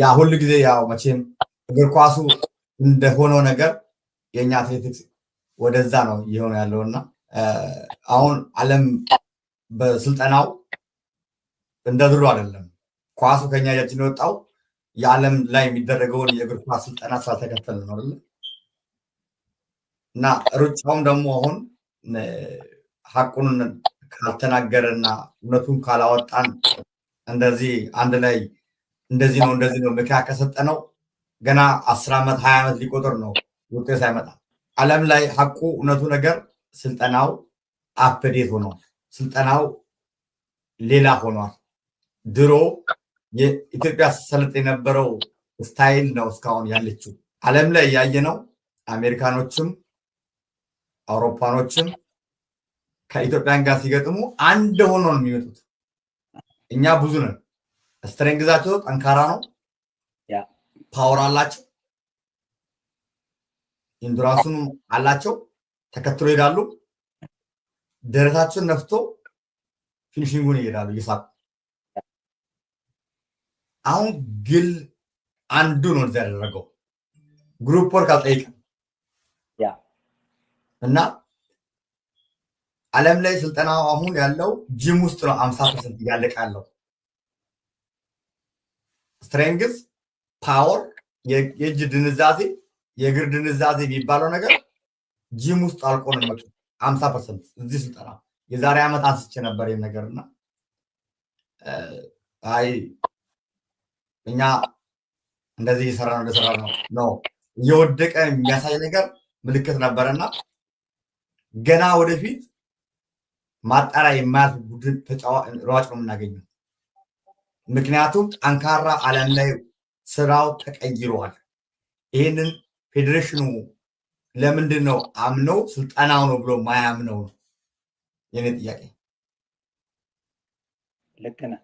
ያ ሁሉ ጊዜ ያው መቼም እግር ኳሱ እንደሆነው ነገር የእኛ አትሌቲክስ ወደዛ ነው እየሆነ ያለው እና አሁን ዓለም በስልጠናው እንደ ድሮ አይደለም። ኳሱ ከኛ እጃችን የወጣው የዓለም ላይ የሚደረገውን የእግር ኳስ ስልጠና ስላልተከተል ነው አይደለ? እና ሩጫውም ደግሞ አሁን ሀቁን ካልተናገረና እውነቱን ካላወጣን እንደዚህ አንድ ላይ እንደዚህ ነው እንደዚህ ነው ምክራ ከሰጠ ነው ገና አስር ዓመት ሀያ ዓመት ሊቆጥር ነው ውጤት ሳይመጣ። ዓለም ላይ ሀቁ እውነቱ ነገር ስልጠናው አፕዴት ሆኗል። ስልጠናው ሌላ ሆኗል። ድሮ የኢትዮጵያ ሰለጥ የነበረው ስታይል ነው እስካሁን ያለችው ዓለም ላይ ያየ ነው። አሜሪካኖችም አውሮፓኖችም ከኢትዮጵያን ጋር ሲገጥሙ አንድ ሆኖ ነው የሚመጡት። እኛ ብዙ ነን ስትሬንግዛቸው ጠንካራ ነው። ፓወር አላቸው። ኢንዱራንሱን አላቸው። ተከትሎ ይሄዳሉ። ደረታቸውን ነፍቶ ፊኒሽንጉን ይሄዳሉ እየሳቁ። አሁን ግል አንዱ ነው እዚያ ያደረገው ግሩፕ ወርክ አልጠይቅም እና ዓለም ላይ ስልጠና አሁን ያለው ጂም ውስጥ ነው አምሳ ፐርሰንት እያለቀ ያለው ስትሬንግስ ፓወር የእጅ ድንዛዜ የእግር ድንዛዜ የሚባለው ነገር ጂም ውስጥ አልቆ ነው መጡ ሀምሳ ፐርሰንት እዚህ ስልጠና የዛሬ ዓመት አንስቼ ነበር ይህን ነገር እና አይ እኛ እንደዚህ እየሰራ ነው እንደሰራ ነው ነው እየወደቀ የሚያሳይ ነገር ምልክት ነበረና ገና ወደፊት ማጣሪያ የማያልፍ ቡድን ሯጭ ነው የምናገኘው። ምክንያቱም ጠንካራ ዓለም ላይ ስራው ተቀይሯል። ይህንን ፌዴሬሽኑ ለምንድን ነው አምነው ስልጠናው ነው ብሎ ማያምነው ነው የኔ ጥያቄ። ልክ ነህ።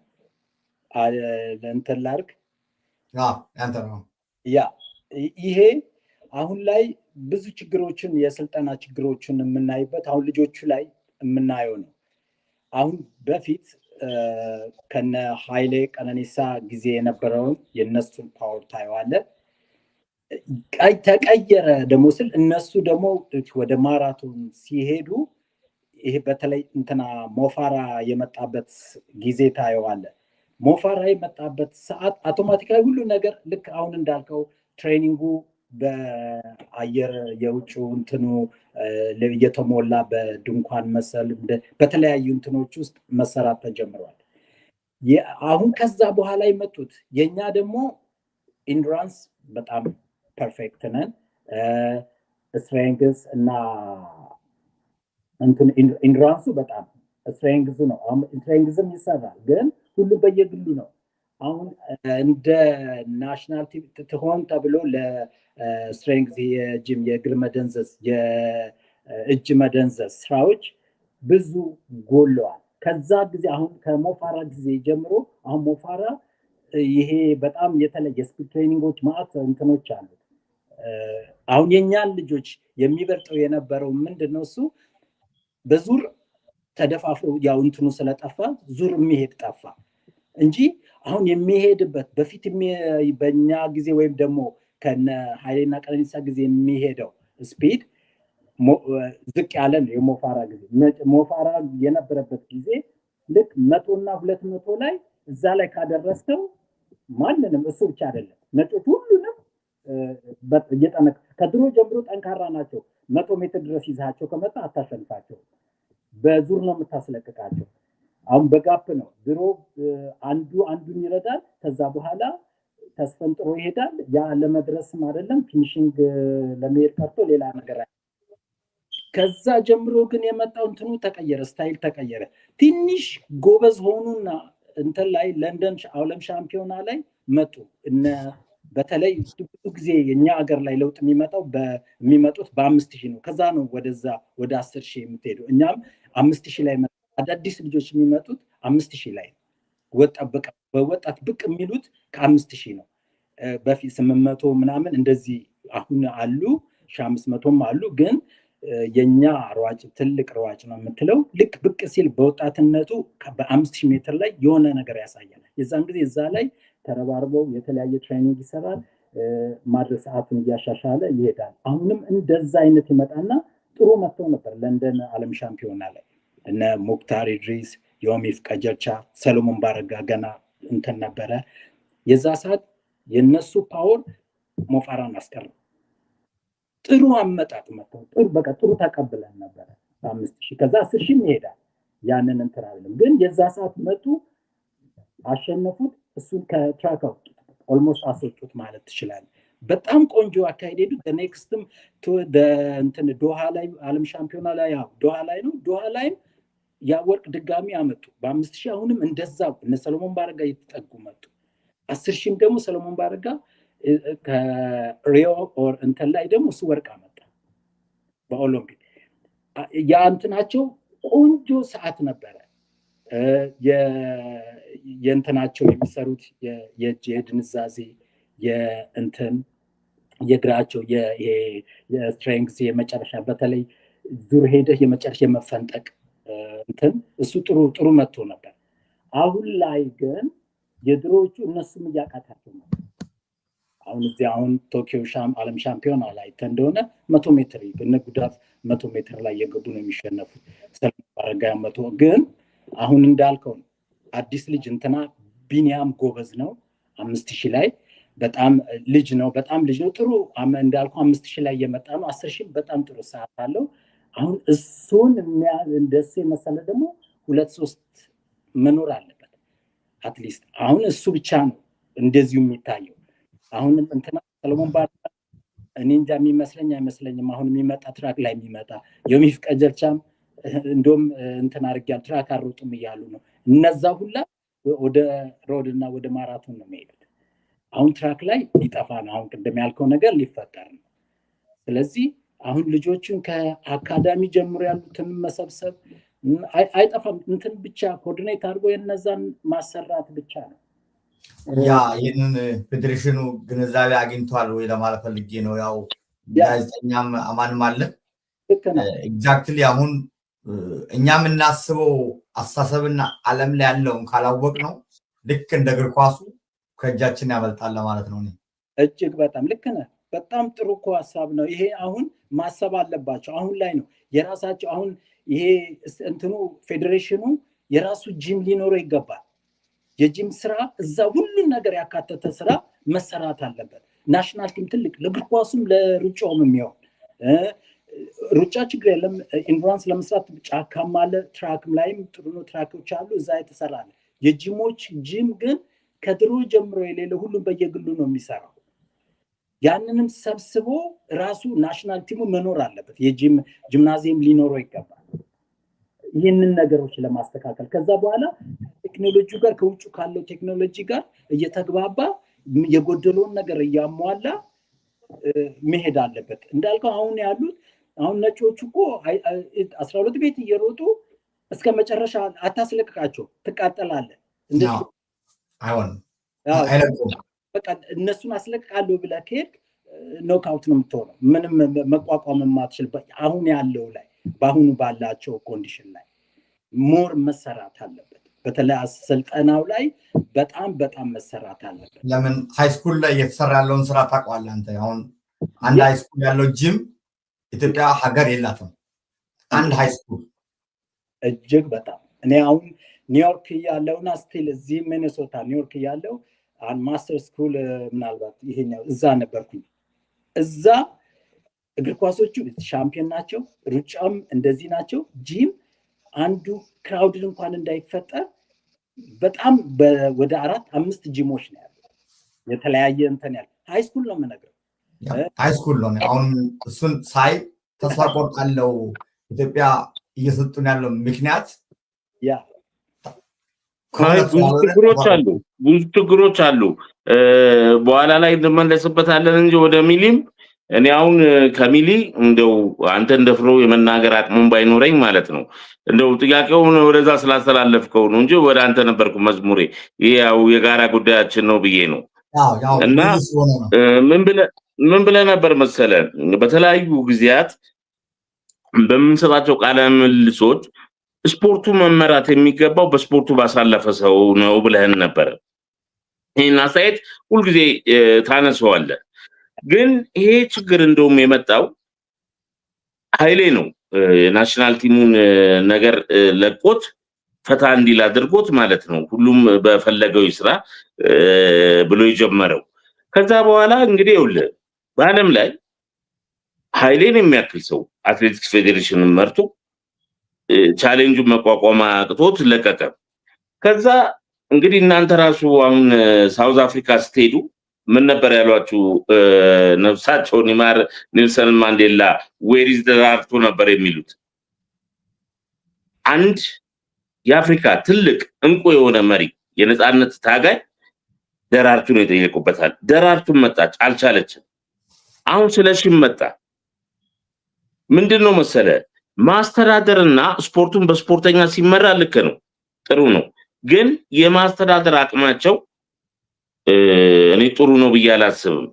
እንትን ላድርግ ያንተ ነው ያ ይሄ አሁን ላይ ብዙ ችግሮችን የስልጠና ችግሮችን የምናይበት አሁን ልጆቹ ላይ የምናየው ነው። አሁን በፊት ከነ ሀይሌ ቀነኒሳ ጊዜ የነበረውን የእነሱን ፓወር ታየዋለ። ተቀየረ ደግሞ ስል እነሱ ደግሞ ወደ ማራቶን ሲሄዱ ይሄ በተለይ እንትና ሞፋራ የመጣበት ጊዜ ታየዋለ ሞፋራ የመጣበት ሰዓት አውቶማቲካዊ ሁሉ ነገር ልክ አሁን እንዳልከው ትሬኒንጉ በአየር የውጭ እንትኑ እየተሞላ በድንኳን መሰል በተለያዩ እንትኖች ውስጥ መሰራት ተጀምሯል። አሁን ከዛ በኋላ የመጡት የእኛ ደግሞ ኢንዱራንስ በጣም ፐርፌክት ነን። ስትሬንግስ እና ኢንዱራንሱ በጣም ስትሬንግዙ ነው። ስትሬንግዝም ይሰራል፣ ግን ሁሉ በየግሉ ነው። አሁን እንደ ናሽናል ቲም ትሆን ተብሎ ለስትሬንግዝ የጅም የእግር መደንዘዝ የእጅ መደንዘዝ ስራዎች ብዙ ጎለዋል። ከዛ ጊዜ አሁን ከሞፋራ ጊዜ ጀምሮ አሁን ሞፋራ ይሄ በጣም የተለየ ስፒድ ትሬኒንጎች ማዕት እንትኖች አሉ። አሁን የእኛን ልጆች የሚበልጠው የነበረው ምንድነው እሱ በዙር ተደፋፍሮ ያው እንትኑ ስለጠፋ ዙር የሚሄድ ጠፋ። እንጂ አሁን የሚሄድበት በፊት በእኛ ጊዜ ወይም ደግሞ ከነ ሀይሌና ቀነኒሳ ጊዜ የሚሄደው ስፒድ ዝቅ ያለ ነው። የሞፋራ ጊዜ ሞፋራ የነበረበት ጊዜ ልክ መቶና ሁለት መቶ ላይ እዛ ላይ ካደረስከው ማንንም እሱ ብቻ አይደለም ነጮች ሁሉንም እየጠነቅ ከድሮ ጀምሮ ጠንካራ ናቸው። መቶ ሜትር ድረስ ይዛቸው ከመጣ አታሸንፋቸው። በዙር ነው የምታስለቅቃቸው። አሁን በጋፕ ነው። ድሮ አንዱ አንዱን ይረዳል፣ ከዛ በኋላ ተስፈንጥሮ ይሄዳል። ያ ለመድረስም አይደለም ፊኒሽንግ ለመሄድ ቀርቶ ሌላ ነገር ከዛ ጀምሮ ግን የመጣው እንትኑ ተቀየረ፣ ስታይል ተቀየረ። ትንሽ ጎበዝ ሆኑና እንትን ላይ ለንደን አውለም ሻምፒዮና ላይ መጡ እነ በተለይ ብዙ ጊዜ የኛ ሀገር ላይ ለውጥ የሚመጣው የሚመጡት በአምስት ሺህ ነው። ከዛ ነው ወደዛ ወደ አስር ሺህ የምትሄዱ እኛም አምስት ሺህ ላይ አዳዲስ ልጆች የሚመጡት አምስት ሺህ ላይ ነው። በወጣት ብቅ የሚሉት ከአምስት ሺህ ነው። በፊት ስምንት መቶ ምናምን እንደዚህ አሁን አሉ ሺ አምስት መቶም አሉ። ግን የኛ ሯጭ ትልቅ ሯጭ ነው የምትለው ልክ ብቅ ሲል በወጣትነቱ በአምስት ሺህ ሜትር ላይ የሆነ ነገር ያሳየናል። የዛን ጊዜ እዛ ላይ ተረባርበው የተለያየ ትሬኒንግ ይሰራል። ማድረግ ሰዓቱን እያሻሻለ ይሄዳል። አሁንም እንደዛ አይነት ይመጣና ጥሩ መጥተው ነበር ለንደን ዓለም ሻምፒዮና ላይ እነ ሙክታር ኢድሪስ፣ ዮሚፍ ቀጀርቻ፣ ሰሎሞን ባረጋ ገና እንትን ነበረ። የዛ ሰዓት የነሱ ፓወር ሞፋራን አስቀር ጥሩ አመጣጥ መጥተው ጥሩ በቃ ጥሩ ተቀብለን ነበረ። አምስት ሺህ ከዛ አስር ሺህ ይሄዳል። ያንን እንትን አይደለም ግን የዛ ሰዓት መጡ፣ አሸነፉት። እሱን ከትራክ አውጡት፣ ኦልሞስት አስወጡት ማለት ትችላለህ። በጣም ቆንጆ አካሄድ ሄዱ። ኔክስትም እንትን ዶሃ ላይ አለም ሻምፒዮና ላይ ያው ዶሃ ላይ ነው። ዶሃ ላይም ያ ወርቅ ድጋሚ አመጡ። በአምስት ሺህ አሁንም እንደዛ እነ ሰሎሞን ባረጋ እየተጠጉ መጡ። አስር ሺህም ደግሞ ሰሎሞን ባረጋ ከሪዮ ኦር እንትን ላይ ደግሞ እሱ ወርቅ አመጣ በኦሎምፒክ ያ እንትናቸው ቆንጆ ሰዓት ነበረ። የእንትናቸው የሚሰሩት የእጅ የድንዛዜ የእንትን የግራቸው የስትሬንግስ የመጨረሻ በተለይ ዙር ሄደህ የመጨረሻ የመፈንጠቅ እንትን እሱ ጥሩ ጥሩ መጥቶ ነበር። አሁን ላይ ግን የድሮዎቹ እነሱም እያቃታቸው ነው። አሁን እዚ አሁን ቶኪዮ ዓለም ሻምፒዮና ላይ እንደሆነ መቶ ሜትር እነ ጉዳፍ መቶ ሜትር ላይ የገቡ ነው የሚሸነፉት። ስለባረጋ መቶ ግን አሁን እንዳልከው አዲስ ልጅ እንትና ቢኒያም ጎበዝ ነው። አምስት ሺህ ላይ በጣም ልጅ ነው፣ በጣም ልጅ ነው። ጥሩ እንዳልኩ አምስት ሺህ ላይ እየመጣ ነው። አስር ሺህ በጣም ጥሩ ሰዓት አለው። አሁን እሱን እንደሱ የመሰለ ደግሞ ሁለት ሶስት መኖር አለበት። አትሊስት አሁን እሱ ብቻ ነው እንደዚሁ የሚታየው። አሁን እንትና ሰለሞን ባር እኔ እንጃ የሚመስለኝ አይመስለኝም። አሁን የሚመጣ ትራክ ላይ የሚመጣ የሚፍ ቀጀልቻም እንዲሁም እንትን አድርጊያል ትራክ አሮጡም እያሉ ነው። እነዛ ሁላ ወደ ሮድ እና ወደ ማራቶን ነው የሚሄዱት። አሁን ትራክ ላይ ሊጠፋ ነው። አሁን ቅድም ያልከው ነገር ሊፈጠር ነው። ስለዚህ አሁን ልጆችን ከአካዳሚ ጀምሮ ያሉትን መሰብሰብ አይጠፋም። እንትን ብቻ ኮኦርዲኔት አድርጎ የነዛን ማሰራት ብቻ ነው። ያ ይህንን ፌዴሬሽኑ ግንዛቤ አግኝቷል ወይ ለማለት ፈልጌ ነው። ያው ጋዜጠኛም አማንም አለ ኤግዛክትሊ አሁን እኛ የምናስበው አስተሳሰብና ዓለም ላይ ያለውን ካላወቅ ነው ልክ እንደ እግር ኳሱ ከእጃችን ያመልጣል ለማለት ነው። እጅግ በጣም ልክ ነህ። በጣም ጥሩ እኮ ሀሳብ ነው ይሄ አሁን ማሰብ አለባቸው። አሁን ላይ ነው የራሳቸው አሁን ይሄ እንትኑ ፌዴሬሽኑ የራሱ ጂም ሊኖረው ይገባል። የጂም ስራ እዛ ሁሉን ነገር ያካተተ ስራ መሰራት አለበት። ናሽናል ቲም ትልቅ ለእግር ኳሱም ለሩጫውም የሚሆን ሩጫ ችግር የለም። ኢንዱራንስ ለመስራት ጫካም አለ፣ ትራክም ላይም ጥሩ ነው። ትራኮች አሉ፣ እዛ የተሰራ አለ። የጂሞች ጂም ግን ከድሮ ጀምሮ የሌለ ሁሉም በየግሉ ነው የሚሰራው። ያንንም ሰብስቦ ራሱ ናሽናል ቲሙ መኖር አለበት። የጂምናዚየም ሊኖረው ይገባል። ይህንን ነገሮች ለማስተካከል ከዛ በኋላ ቴክኖሎጂ ጋር ከውጭ ካለው ቴክኖሎጂ ጋር እየተግባባ የጎደለውን ነገር እያሟላ መሄድ አለበት። እንዳልከው አሁን ያሉት አሁን ነጮቹ እኮ አስራ ሁለት ቤት እየሮጡ እስከ መጨረሻ አታስለቅቃቸው፣ ትቃጠላለህ። አይሆን አይነ በቃ እነሱን አስለቅቃለሁ ብለህ ከሄድክ ኖክአውት ነው የምትሆነው። ምንም መቋቋም የማትችልበት አሁን ያለው ላይ በአሁኑ ባላቸው ኮንዲሽን ላይ ሞር መሰራት አለበት። በተለይ ስልጠናው ላይ በጣም በጣም መሰራት አለበት። ለምን ሃይስኩል ላይ እየተሰራ ያለውን ስራ ታውቀዋለህ አንተ። አሁን አንድ ሃይስኩል ያለው ጂም ኢትዮጵያ ሀገር የላትም። አንድ ሃይስኩል እጅግ በጣም እኔ አሁን ኒውዮርክ ያለውና ስቲል እዚህ ሚኒሶታ ኒውዮርክ ያለው ማስተር ስኩል ምናልባት ይሄኛው እዛ ነበርኩኝ። እዛ እግር ኳሶቹ ሻምፒዮን ናቸው፣ ሩጫም እንደዚህ ናቸው። ጂም አንዱ ክራውድን እንኳን እንዳይፈጠር በጣም ወደ አራት አምስት ጂሞች ነው ያለ። የተለያየ እንትን ያለ ሃይስኩል ነው የምነግረው። ሃይስኩል ነው አሁን እሱን ሳይ ተስፋ ቆርጣለው። ኢትዮጵያ እየሰጡን ያለው ምክንያት ብዙ ችግሮች አሉ። ብዙ ችግሮች አሉ። በኋላ ላይ እንመለስበታለን እንጂ ወደ ሚሊም እኔ አሁን ከሚሊ እንደው አንተ እንደፍሮ የመናገር አቅሙን ባይኖረኝ ማለት ነው እንደው ጥያቄውን ወደዛ ስላስተላለፍከው ነው እንጂ ወደ አንተ ነበርኩ መዝሙሬ። ያው የጋራ ጉዳያችን ነው ብዬ ነው እና ምን ብለ ነበር መሰለ በተለያዩ ጊዜያት በምንሰጣቸው ቃለ ምልሶች ስፖርቱ መመራት የሚገባው በስፖርቱ ባሳለፈ ሰው ነው ብለህን ነበረ። ይህን አስተያየት ሁልጊዜ ታነሰዋለህ። ግን ይሄ ችግር እንደውም የመጣው ኃይሌ ነው ናሽናል ቲሙን ነገር ለቆት ፈታ እንዲል አድርጎት ማለት ነው። ሁሉም በፈለገው ስራ ብሎ የጀመረው ከዛ በኋላ እንግዲህ ይኸውልህ በዓለም ላይ ኃይሌን የሚያክል ሰው አትሌቲክስ ፌዴሬሽንን መርቶ ቻሌንጁን መቋቋም አቅቶት ለቀቀ። ከዛ እንግዲህ እናንተ ራሱ አሁን ሳውዝ አፍሪካ ስትሄዱ ምን ነበር ያሏችሁ? ነፍሳቸውን ይማር ኔልሰን ማንዴላ ዌሪዝ ደራርቶ ነበር የሚሉት አንድ የአፍሪካ ትልቅ እንቁ የሆነ መሪ የነፃነት ታጋይ ደራርቱን የጠየቁበታል። ደራርቱን መጣች፣ አልቻለችም። አሁን ስለሽም መጣ ምንድን ነው መሰለ ማስተዳደርና ስፖርቱን በስፖርተኛ ሲመራ ልክ ነው፣ ጥሩ ነው። ግን የማስተዳደር አቅማቸው እኔ ጥሩ ነው ብዬ አላስብም።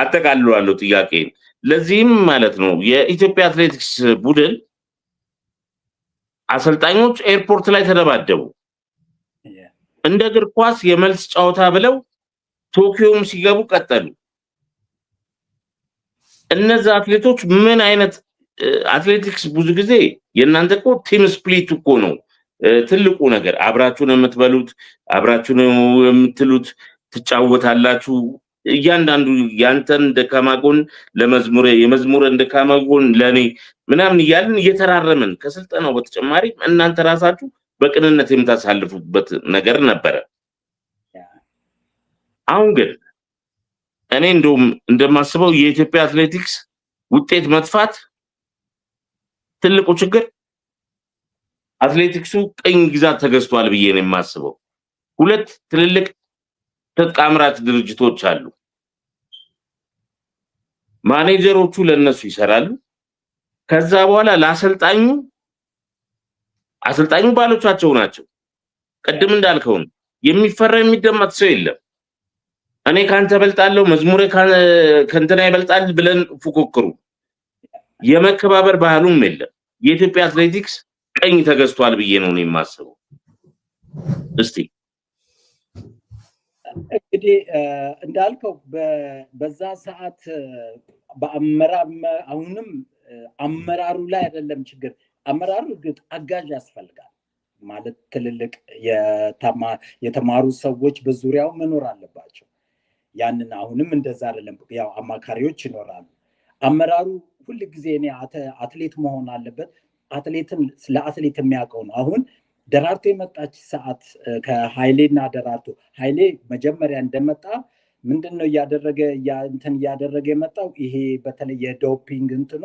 አጠቃልላለሁ ጥያቄን። ለዚህም ማለት ነው የኢትዮጵያ አትሌቲክስ ቡድን አሰልጣኞች ኤርፖርት ላይ ተደባደቡ። እንደ እግር ኳስ የመልስ ጨዋታ ብለው ቶኪዮም ሲገቡ ቀጠሉ። እነዚህ አትሌቶች ምን አይነት አትሌቲክስ ብዙ ጊዜ የእናንተ እኮ ቲም ስፕሊት እኮ ነው ትልቁ ነገር። አብራችሁን የምትበሉት፣ አብራችሁ የምትሉት፣ ትጫወታላችሁ። እያንዳንዱ ያንተን ደካማ ጎን ለመዝሙሬ፣ የመዝሙርን ደካማ ጎን ለእኔ ምናምን እያልን እየተራረምን ከስልጠናው በተጨማሪ እናንተ ራሳችሁ በቅንነት የምታሳልፉበት ነገር ነበረ። አሁን ግን እኔ እንደውም እንደማስበው የኢትዮጵያ አትሌቲክስ ውጤት መጥፋት ትልቁ ችግር አትሌቲክሱ ቅኝ ግዛት ተገዝቷል ብዬ ነው የማስበው። ሁለት ትልልቅ ትጥቅ አምራች ድርጅቶች አሉ። ማኔጀሮቹ ለነሱ ይሰራሉ። ከዛ በኋላ ለአሰልጣኙ አሰልጣኙ ባሎቻቸው ናቸው። ቅድም እንዳልከው ነው የሚፈራ የሚደመጥ ሰው የለም። እኔ ካንተ በልጣለሁ፣ መዝሙሬ ከእንትና ይበልጣል ብለን ፉክክሩ የመከባበር ባህሉም የለም። የኢትዮጵያ አትሌቲክስ ቀኝ ተገዝቷል ብዬ ነው የማስበው። እስቲ እንግዲህ እንዳልከው በዛ ሰዓት አሁንም አመራሩ ላይ አይደለም ችግር። አመራሩ እርግጥ አጋዥ ያስፈልጋል ማለት ትልልቅ የተማሩ ሰዎች በዙሪያው መኖር አለባቸው። ያንን አሁንም እንደዛ አይደለም። ያው አማካሪዎች ይኖራሉ። አመራሩ ሁል ጊዜ እኔ አትሌት መሆን አለበት አትሌትን ለአትሌት የሚያውቀው ነው። አሁን ደራርቶ የመጣች ሰዓት እና ደራርቶ ሀይሌ መጀመሪያ እንደመጣ ምንድን ነው እያደረገ እንትን እያደረገ የመጣው ይሄ በተለይ የዶፒንግ እንትኑ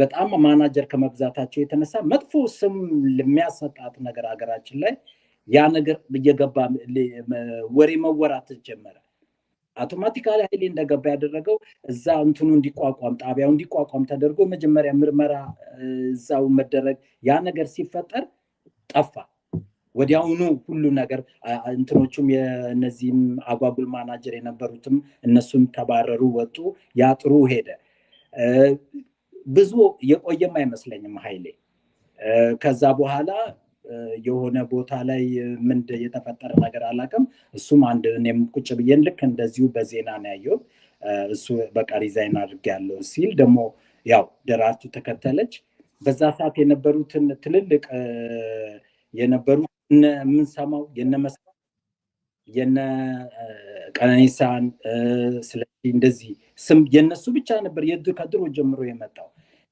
በጣም ማናጀር ከመብዛታቸው የተነሳ መጥፎ ስም ለሚያሰጣት ነገር ሀገራችን ላይ ያ ነገር እየገባ ወሬ መወራት ጀመረ። አውቶማቲካሊ ኃይሌ እንደገባ ያደረገው እዛ እንትኑ እንዲቋቋም ጣቢያው እንዲቋቋም ተደርጎ መጀመሪያ ምርመራ እዛው መደረግ ያ ነገር ሲፈጠር ጠፋ። ወዲያውኑ ሁሉ ነገር እንትኖቹም የነዚህም አጓጉል ማናጀር የነበሩትም እነሱም ተባረሩ፣ ወጡ። ያ ጥሩ ሄደ። ብዙ የቆየም አይመስለኝም ኃይሌ ከዛ በኋላ የሆነ ቦታ ላይ ምን የተፈጠረ ነገር አላውቅም። እሱም አንድ እኔም ቁጭ ብዬን ልክ እንደዚሁ በዜና ነው ያየሁት። እሱ በቃ ሪዛይን አድርጌያለሁ ሲል ደግሞ ያው ደራርቱ ተከተለች። በዛ ሰዓት የነበሩትን ትልልቅ የነበሩ የምንሰማው የነመስ የነ ቀነኒሳን ስለዚህ እንደዚህ ስም የነሱ ብቻ ነበር ከድሮ ጀምሮ የመጣው።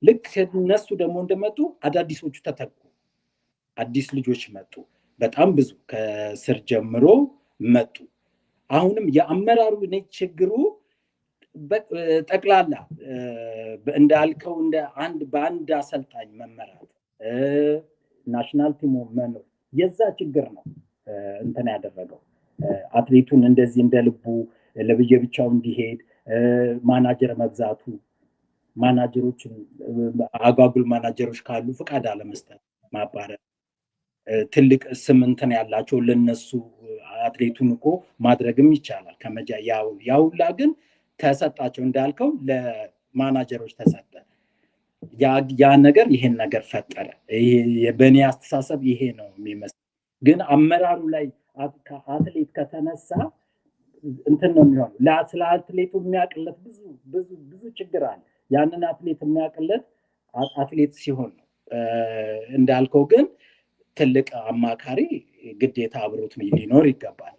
ልክ እነሱ ደግሞ እንደመጡ አዳዲሶቹ ተተኩ። አዲስ ልጆች መጡ። በጣም ብዙ ከስር ጀምሮ መጡ። አሁንም የአመራሩ ችግሩ ጠቅላላ እንዳልከው እንደ አንድ በአንድ አሰልጣኝ መመራት ናሽናል ቲሙ መኖር የዛ ችግር ነው እንትን ያደረገው አትሌቱን እንደዚህ እንደ ልቡ ለብየብቻው እንዲሄድ ማናጀር መብዛቱ፣ ማናጀሮችን አጓጉል ማናጀሮች ካሉ ፍቃድ አለመስጠት፣ ማባረር ትልቅ ስምንትን ያላቸው ለነሱ አትሌቱን እኮ ማድረግም ይቻላል። ከመጃ ያውላ ግን ተሰጣቸው እንዳልከው ለማናጀሮች ተሰጠ። ያ ነገር ይሄን ነገር ፈጠረ። በእኔ አስተሳሰብ ይሄ ነው የሚመስል። ግን አመራሩ ላይ ከአትሌት ከተነሳ እንትን ነው የሚሆነው። ስለ አትሌቱ የሚያቅለት ብዙ ብዙ ብዙ ችግር አለ። ያንን አትሌት የሚያቅለት አትሌት ሲሆን ነው እንዳልከው ግን ትልቅ አማካሪ ግዴታ አብሮት ሊኖር ይገባል።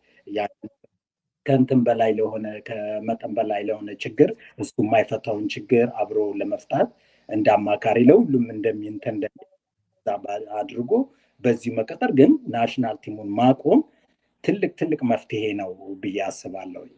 ከንትን በላይ ለሆነ ከመጠን በላይ ለሆነ ችግር እሱ የማይፈታውን ችግር አብሮ ለመፍታት እንደ አማካሪ ለሁሉም እንደሚንተ አድርጎ በዚህ መቀጠር ግን ናሽናል ቲሙን ማቆም ትልቅ ትልቅ መፍትሄ ነው ብዬ አስባለሁ።